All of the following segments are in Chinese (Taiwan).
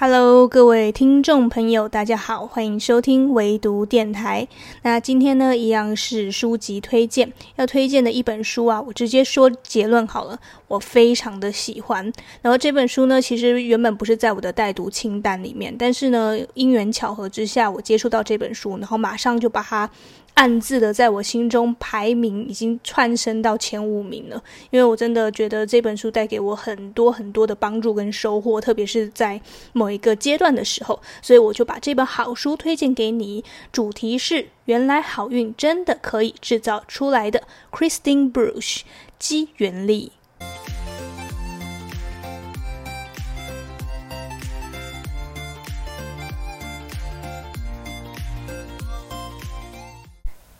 Hello，各位聽眾朋友，大家好，歡迎收聽微讀電台。那今天呢，一樣是書籍推薦，要推薦的一本書啊，我直接說結論好了，我非常的喜歡。然後這本書呢，其實原本不是在我的待讀清單裡面，但是呢，因緣巧合之下，我接觸到這本書，然後馬上就把它。暗自的在我心中排名已經竄升到前五名了，因為我真的覺得這本書帶給我很多很多的幫助跟收穫，特別是在某一個階段的時候，所以我就把這本好書推薦給你。主題是原來好運真的可以製造出來的 Christian Busch《機緣力》。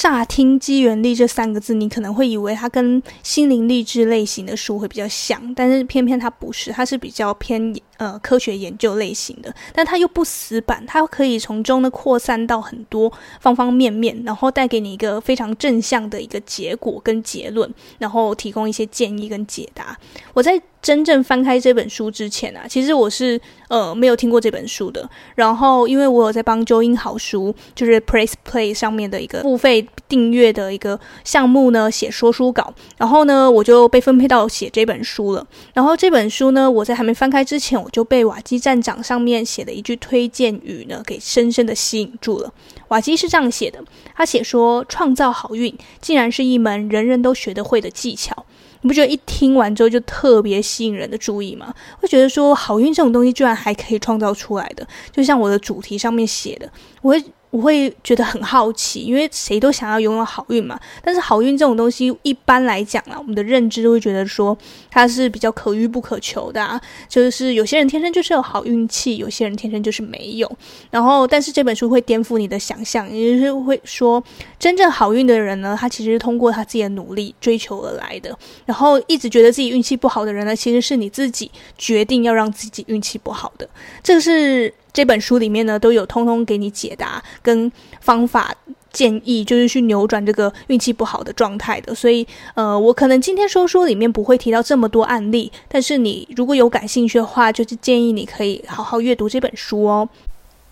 乍聽“機緣力”這三個字，你可能會以為它跟心靈勵志類型的書會比較像，但是偏偏它不是，它是比較偏呃科學研究類型的，但它又不死板，它可以從中呢擴散到很多方方面面，然後帶給你一個非常正向的一個結果跟結論，然後提供一些建議跟解答。我在。真正翻開這本書之前啊，其實我是呃沒有聽過這本書的。然後，因為我有在幫 Join 好書，就是 PressPlay 上面的一個付費訂閱的一個項目呢寫說書稿，然後呢我就被分配到寫這本書了。然後這本書呢，我在還沒翻開之前，我就被瓦基站長上面寫的一句推薦語呢給深深的吸引住了。瓦基是這樣寫的，他寫說：“創造好運竟然是一門人人都學得會的技巧。”你不覺得一聽完之後就特別吸引人的注意嗎？會覺得說好運這種東西居然還可以創造出來的，就像我的主題上面寫的，我會。我會覺得很好奇，因為誰都想要擁有好運嘛。但是好運這種東西，一般來講啊，我們的認知都會覺得說它是比較可遇不可求的啊。就是有些人天生就是有好運氣，有些人天生就是沒有。然後，但是這本書會顛覆你的想象，也就是會說，真正好運的人呢，他其實是通過他自己的努力追求而來的。然後，一直覺得自己運氣不好的人呢，其實是你自己決定要讓自己運氣不好的。這個是。這本書裡面呢，都有通通給你解答跟方法建議，就是去扭轉這個運氣不好的狀態的。所以，呃，我可能今天說書裡面不會提到這麼多案例，但是你如果有感興趣的話，就是建議你可以好好閱讀這本書哦。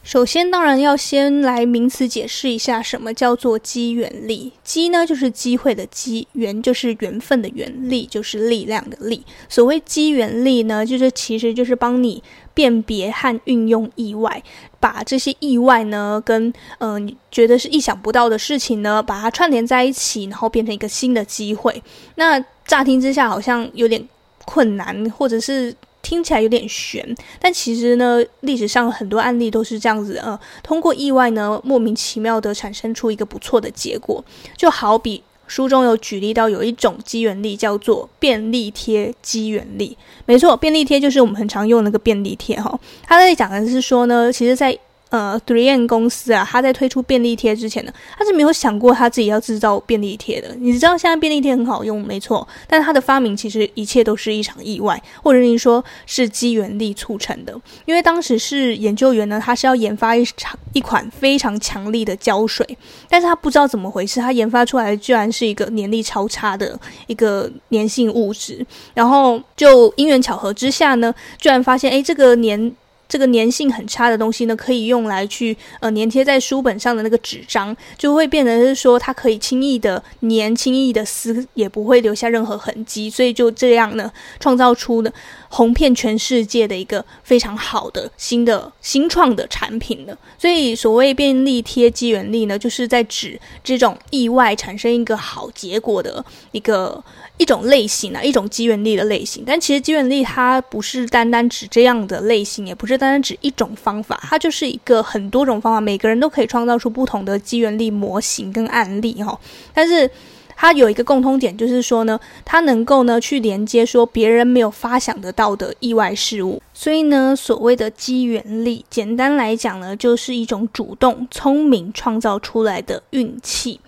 首先，當然要先來名詞解釋一下什麼叫做機緣力。機呢，就是機會的機；緣就是緣分的緣；力就是力量的力。所謂機緣力呢，就是其實就是幫你。辨別和運用意外，把這些意外呢，跟嗯、呃，你覺得是意想不到的事情呢，把它串聯在一起，然後變成一個新的機會。那乍聽之下好像有點困難，或者是聽起來有點懸，但其實呢，歷史上很多案例都是這樣子呃，通過意外呢，莫名其妙的產生出一個不錯的結果，就好比。書中有舉例到有一種機緣力叫做便利貼機緣力，沒錯，便利貼就是我們很常用那個便利貼哈。他在講的是說呢，其實在。呃，3M 公司啊，他在推出便利貼之前呢，他是沒有想過他自己要製造便利貼的。你知道現在便利貼很好用，沒錯，但是他的發明其實一切都是一場意外，或者你說是機緣力促成的。因為當時是研究員呢，他是要研發一場一款非常強力的膠水，但是他不知道怎麼回事，他研發出來居然是一個粘力超差的一個粘性物質。然後就因緣巧合之下呢，居然發現，誒，這個粘。這個粘性很差的東西呢，可以用來去呃粘貼在書本上的那個紙張，就會變成是說它可以輕易的粘，輕易的撕，也不會留下任何痕跡。所以就這樣呢，創造出呢紅遍全世界的一個非常好的新的新創的產品呢。所以所謂便利貼機緣力呢，就是在指這種意外產生一個好結果的一個。一種類型啊，一種機緣力的類型，但其實機緣力它不是單單指這樣的類型，也不是單單指一種方法，它就是一個很多種方法，每個人都可以創造出不同的機緣力模型跟案例哦。但是它有一個共通點，就是說呢，它能夠呢去連接說別人沒有發想得到的意外事物。所以呢，所謂的機緣力，簡單來講呢，就是一種主動聰明創造出來的運氣。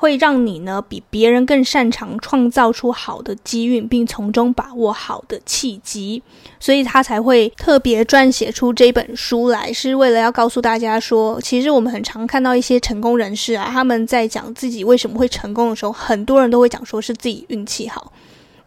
會讓你呢比別人更擅長創造出好的機運，並從中把握好的契機，所以他才會特別撰寫出這本書來，是為了要告訴大家說，其實我們很常看到一些成功人士啊，他們在講自己為什麼會成功的時候，很多人都會講說是自己運氣好。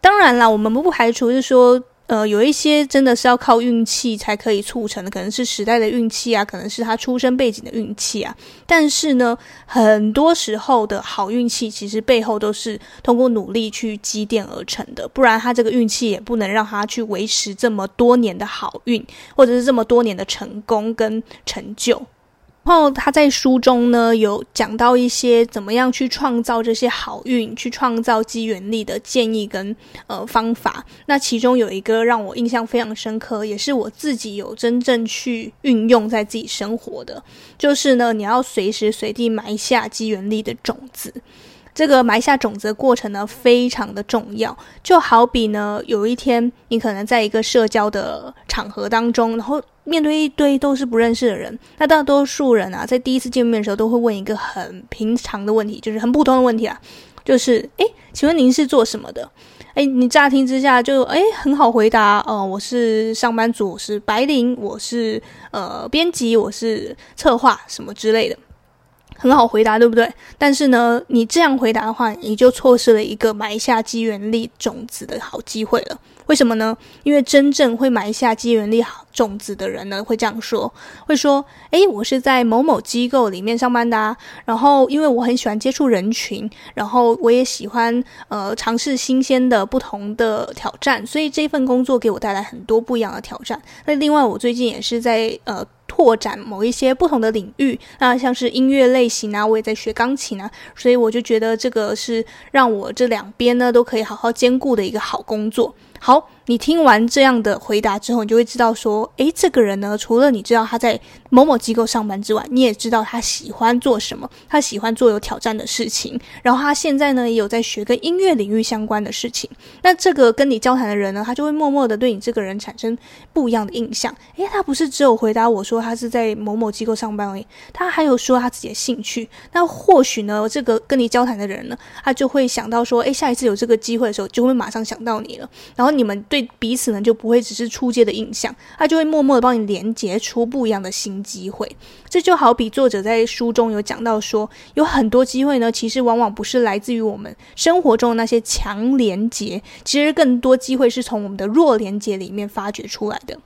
當然啦，我們不排除就是說。呃，有一些真的是要靠運氣才可以促成的，可能是時代的運氣啊，可能是他出生背景的運氣啊。但是呢，很多時候的好運氣其實背後都是通過努力去積澱而成的，不然他這個運氣也不能讓他去維持這麼多年的好運，或者是這麼多年的成功跟成就。然後他在書中呢有講到一些怎麼樣去創造這些好運、去創造機緣力的建議跟呃方法。那其中有一個讓我印象非常深刻，也是我自己有真正去運用在自己生活的，就是呢，你要隨時隨地埋下機緣力的種子。這個埋下種子的過程呢非常的重要，就好比呢有一天你可能在一個社交的場合當中，然後，面對一堆都是不認識的人，那大多數人啊，在第一次見面的時候，都會問一個很平常的問題，就是很普通的問題啊，就是哎，請問您是做什麼的？哎，你乍聽之下就哎很好回答，呃，我是上班族，我是白領，我是呃編輯，我是策劃什麼之類的。很好回答，對不對？但是呢，你這樣回答的話，你就錯失了一個埋下機緣力種子的好機會了。為什麼呢？因為真正會埋下機緣力種子的人呢，會這樣說，會說：“誒，我是在某某機構裡面上班的啊。然後，因為我很喜歡接觸人群，然後我也喜歡呃嘗試新鮮的不同的挑戰，所以這份工作給我帶來很多不一樣的挑戰。那另外，我最近也是在呃。”拓展某一些不同的領域，那像是音樂類型啊，我也在學鋼琴啊，所以我就覺得這個是讓我這兩邊呢都可以好好兼顧的一個好工作。好，你聽完這樣的回答之後，你就會知道說，誒，這個人呢，除了你知道他在某某機構上班之外，你也知道他喜歡做什麼，他喜歡做有挑戰的事情。然後他現在呢，也有在學跟音樂領域相關的事情。那這個跟你交談的人呢，他就會默默的對你這個人產生不一樣的印象。誒，他不是只有回答我說他是在某某機構上班而已，他還有說他自己的興趣。那或許呢，這個跟你交談的人呢，他就會想到說，誒，下一次有這個機會的時候，就會馬上想到你了。然後。那你們對彼此呢，就不會只是初見的印象，他就會默默的幫你連接出不一樣的新機會。這就好比作者在書中有講到說，有很多機會呢，其實往往不是來自於我們生活中的那些強連接，其實更多機會是從我們的弱連接裡面發掘出來的。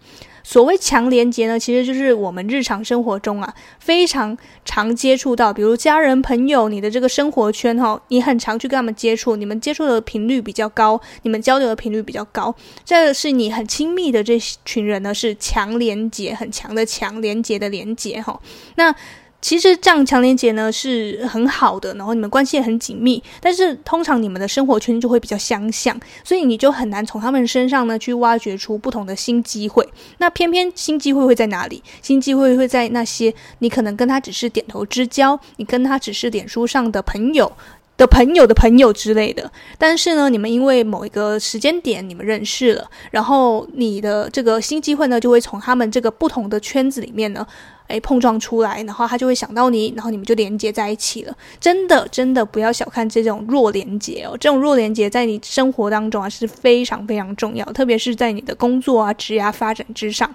所謂強連接呢，其實就是我們日常生活中啊，非常常接觸到，比如家人、朋友，你的這個生活圈哈、哦，你很常去跟他們接觸，你們接觸的頻率比較高，你們交流的頻率比較高，這是你很親密的這群人呢，是強連接，很強的強連接的連接哈、哦，那。其實這樣強連結呢是很好的，然後你們關係也很緊密，但是通常你們的生活圈就會比較相像，所以你就很難從他們身上呢去挖掘出不同的新機會。那偏偏新機會會在哪裡？新機會會在那些你可能跟他只是點頭之交，你跟他只是臉書上的朋友，的朋友的朋友之類的，但是呢，你們因為某一個時間點，你們認識了，然後你的這個新機會呢，就會從他們這個不同的圈子裡面呢，誒、哎，碰撞出來，然後他就會想到你，然後你們就連接在一起了。真的，真的不要小看這種弱連接哦，這種弱連接在你生活當中啊是非常非常重要，特別是在你的工作啊、職業啊、發展之上。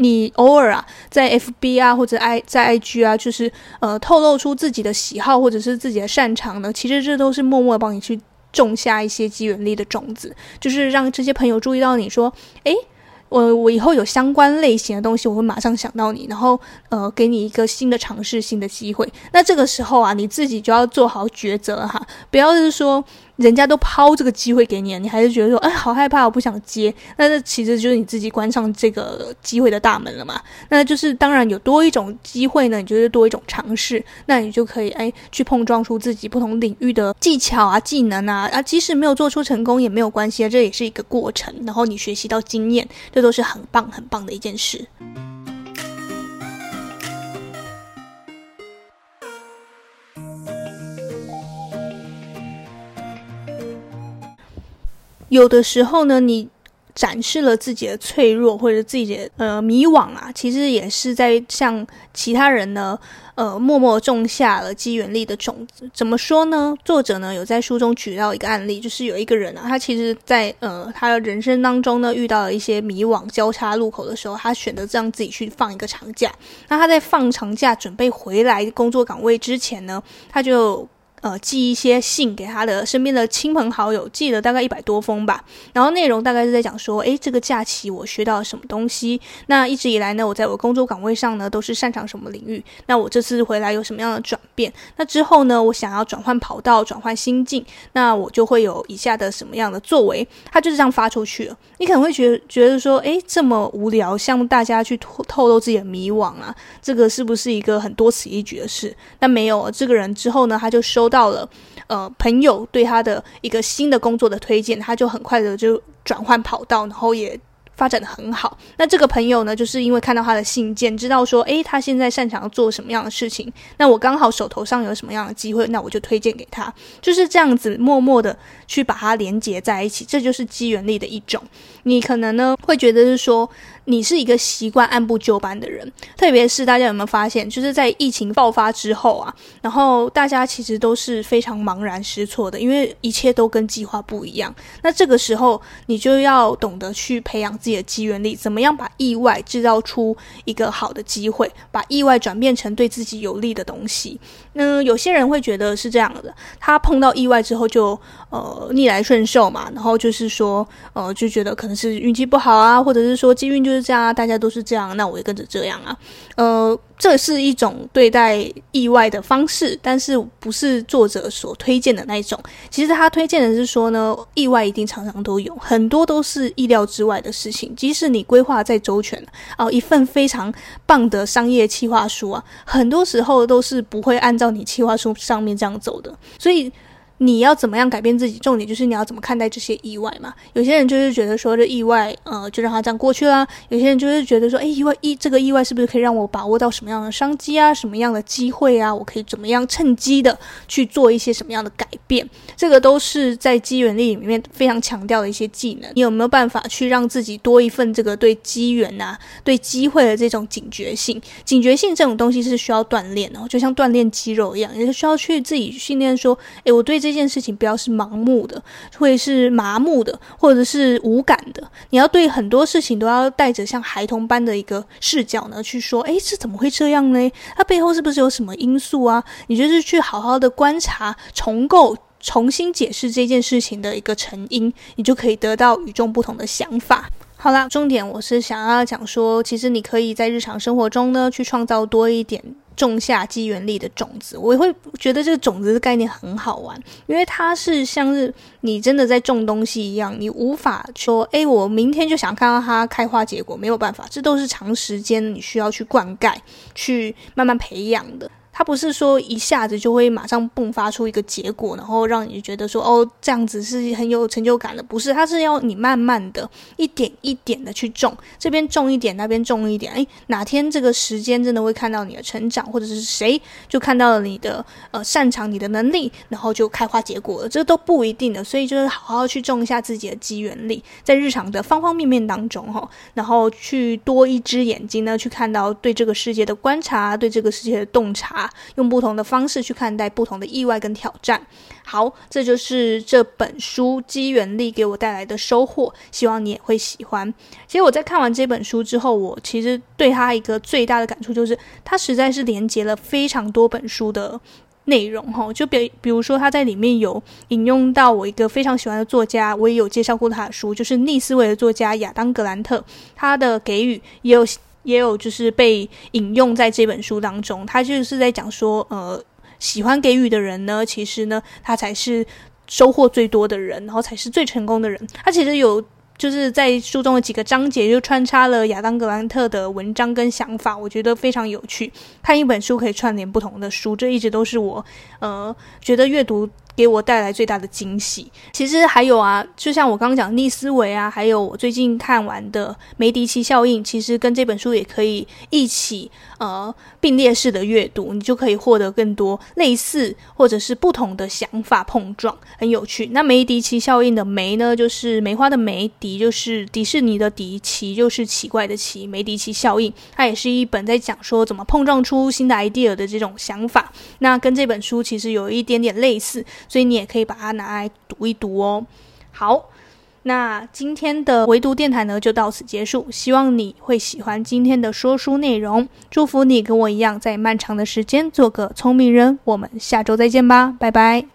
你偶爾啊，在 FB 啊，或者 I 在 IG 啊，就是呃，透露出自己的喜好或者是自己的擅長呢，其實這都是默默地幫你去種下一些機緣力的種子，就是讓這些朋友注意到你說，誒，我我以後有相關類型的東西，我會馬上想到你，然後呃，給你一個新的嘗試、新的機會。那這個時候啊，你自己就要做好抉擇哈，不要就是說。人家都拋這個機會給你，你還是覺得說，哎，好害怕，我不想接。那這其實就是你自己關上這個機會的大門了嘛。那就是當然有多一種機會呢，你就是多一種嘗試，那你就可以哎去碰撞出自己不同領域的技巧啊、技能啊。啊，即使沒有做出成功也沒有關係啊，這也是一個過程。然後你學習到經驗，這都是很棒很棒的一件事。有的時候呢，你展示了自己的脆弱或者自己的呃迷惘啊，其實也是在向其他人呢呃默默種下了機緣力的種子。怎麼說呢？作者呢有在書中舉到一個案例，就是有一個人啊，他其實在呃他的人生當中呢遇到了一些迷惘交叉路口的時候，他選擇讓自己去放一個長假。那他在放長假準備回來工作崗位之前呢，他就。呃，寄一些信給他的身邊的親朋好友，寄了大概一百多封吧。然後內容大概是在講說，誒，這個假期我學到了什麼東西。那一直以來呢，我在我工作崗位上呢，都是擅長什麼領域。那我這次回來有什麼樣的轉變？那之後呢，我想要轉換跑道，轉換心境，那我就會有以下的什麼樣的作為？他就是這樣發出去了。你可能會覺覺得說，誒，這麼無聊，向大家去透透露自己的迷惘啊，這個是不是一個很多此一舉的事？那沒有，這個人之後呢，他就收。到了，呃，朋友對他的一個新的工作的推薦，他就很快的就轉換跑道，然後也發展的很好。那這個朋友呢，就是因為看到他的信件，知道說，誒，他現在擅長做什麼樣的事情，那我剛好手頭上有什麼樣的機會，那我就推薦給他，就是這樣子默默的去把它連接在一起，這就是機緣力的一種。你可能呢會覺得是說，你是一個習慣按部就班的人，特別是大家有沒有發現，就是在疫情爆發之後啊，然後大家其實都是非常茫然失措的，因為一切都跟計劃不一樣。那這個時候，你就要懂得去培養自己的機緣力，怎麼樣把意外製造出一個好的機會，把意外轉變成對自己有利的東西。那有些人會覺得是這樣的，他碰到意外之後就呃逆來順受嘛，然後就是說呃就覺得可能是運氣不好啊，或者是說機運就是這樣啊，大家都是這樣，那我也跟着這樣啊。呃，這是一種對待意外的方式，但是不是作者所推薦的那一種。其實他推薦的是說呢，意外一定常常都有，很多都是意料之外的事情，即使你規劃再周全哦、呃，一份非常棒的商業企劃書啊，很多時候都是不會按。到你企劃書上面這樣走的，所以，你要怎麼樣改變自己？重點就是你要怎麼看待這些意外嘛？有些人就是覺得說這意外，呃，就讓它這樣過去啦。有些人就是覺得說，哎、欸，意外意這個意外是不是可以讓我把握到什麼樣的商機啊？什麼樣的機會啊？我可以怎麼樣趁機的去做一些什麼樣的改變？這個都是在機緣力裡面非常強調的一些技能。你有沒有辦法去讓自己多一份這個對機緣啊、對機會的這種警覺性？警覺性這種東西是需要鍛煉哦，就像鍛煉肌肉一樣，也是需要去自己訓練。說，哎、欸，我對這些。這件事情不要是盲目的，或者是麻木的，或者是無感的。你要對很多事情都要帶着像孩童般的一個視角呢，去說，誒，這怎麼會這樣呢？它、啊、背後是不是有什麼因素啊？你就是去好好的觀察、重構、重新解釋這件事情的一個成因，你就可以得到與眾不同的想法。好啦，重點我是想要講說，其實你可以在日常生活中呢，去創造多一點。種下機緣力的種子，我也會覺得這個種子的概念很好玩，因為它是像是你真的在種東西一樣，你無法說，誒、欸，我明天就想看到它開花結果，沒有辦法，這都是長時間你需要去灌溉、去慢慢培養的。他不是說一下子就會馬上迸發出一個結果，然後讓你覺得說哦，這樣子是很有成就感的，不是？他是要你慢慢的一點一點的去種，這邊種一點，那邊種一點，哎，哪天這個時間真的會看到你的成長，或者是誰就看到了你的呃擅長、你的能力，然後就開花結果了，這都不一定的。所以就是好好去種一下自己的機緣力，在日常的方方面面當中哈，然後去多一隻眼睛呢，去看到對這個世界的觀察，對這個世界的洞察。用不同的方式去看待不同的意外跟挑戰。好，這就是這本書《機緣力》給我帶來的收穫。希望你也會喜歡。其實我在看完這本書之後，我其實對他一個最大的感觸就是，他實在是連接了非常多本書的內容。哈，就比比如說他在裡面有引用到我一個非常喜歡的作家，我也有介紹過他的書，就是逆思維的作家亞當格蘭特，他的給予也有。也有就是被引用在這本書當中，他就是在講說，呃，喜歡給予的人呢，其實呢，他才是收穫最多的人，然後才是最成功的人。他其實有就是在書中的幾個章節就穿插了亞當·格蘭特的文章跟想法，我覺得非常有趣。看一本書可以串聯不同的書，這一直都是我呃覺得閱讀。給我帶來最大的驚喜。其實還有啊,就像我剛剛講逆思維啊，還有我最近看完的《梅迪奇效應》，其實跟這本書也可以一起呃並列式的閱讀，你就可以獲得更多類似或者是不同的想法碰撞，很有趣。那《梅迪奇效應》的梅呢，就是梅花的梅；迪就是迪士尼的迪；奇就是奇怪的奇。梅迪奇效應它也是一本在講說怎麼碰撞出新的 idea 的這種想法，那跟這本書其實有一點點類似。所以你也可以把它拿來讀一讀哦。好，那今天的微讀電臺呢，就到此結束。希望你會喜歡今天的說書內容。祝福你跟我一樣，在漫長的時間做個聰明人。我們下周再見吧，拜拜。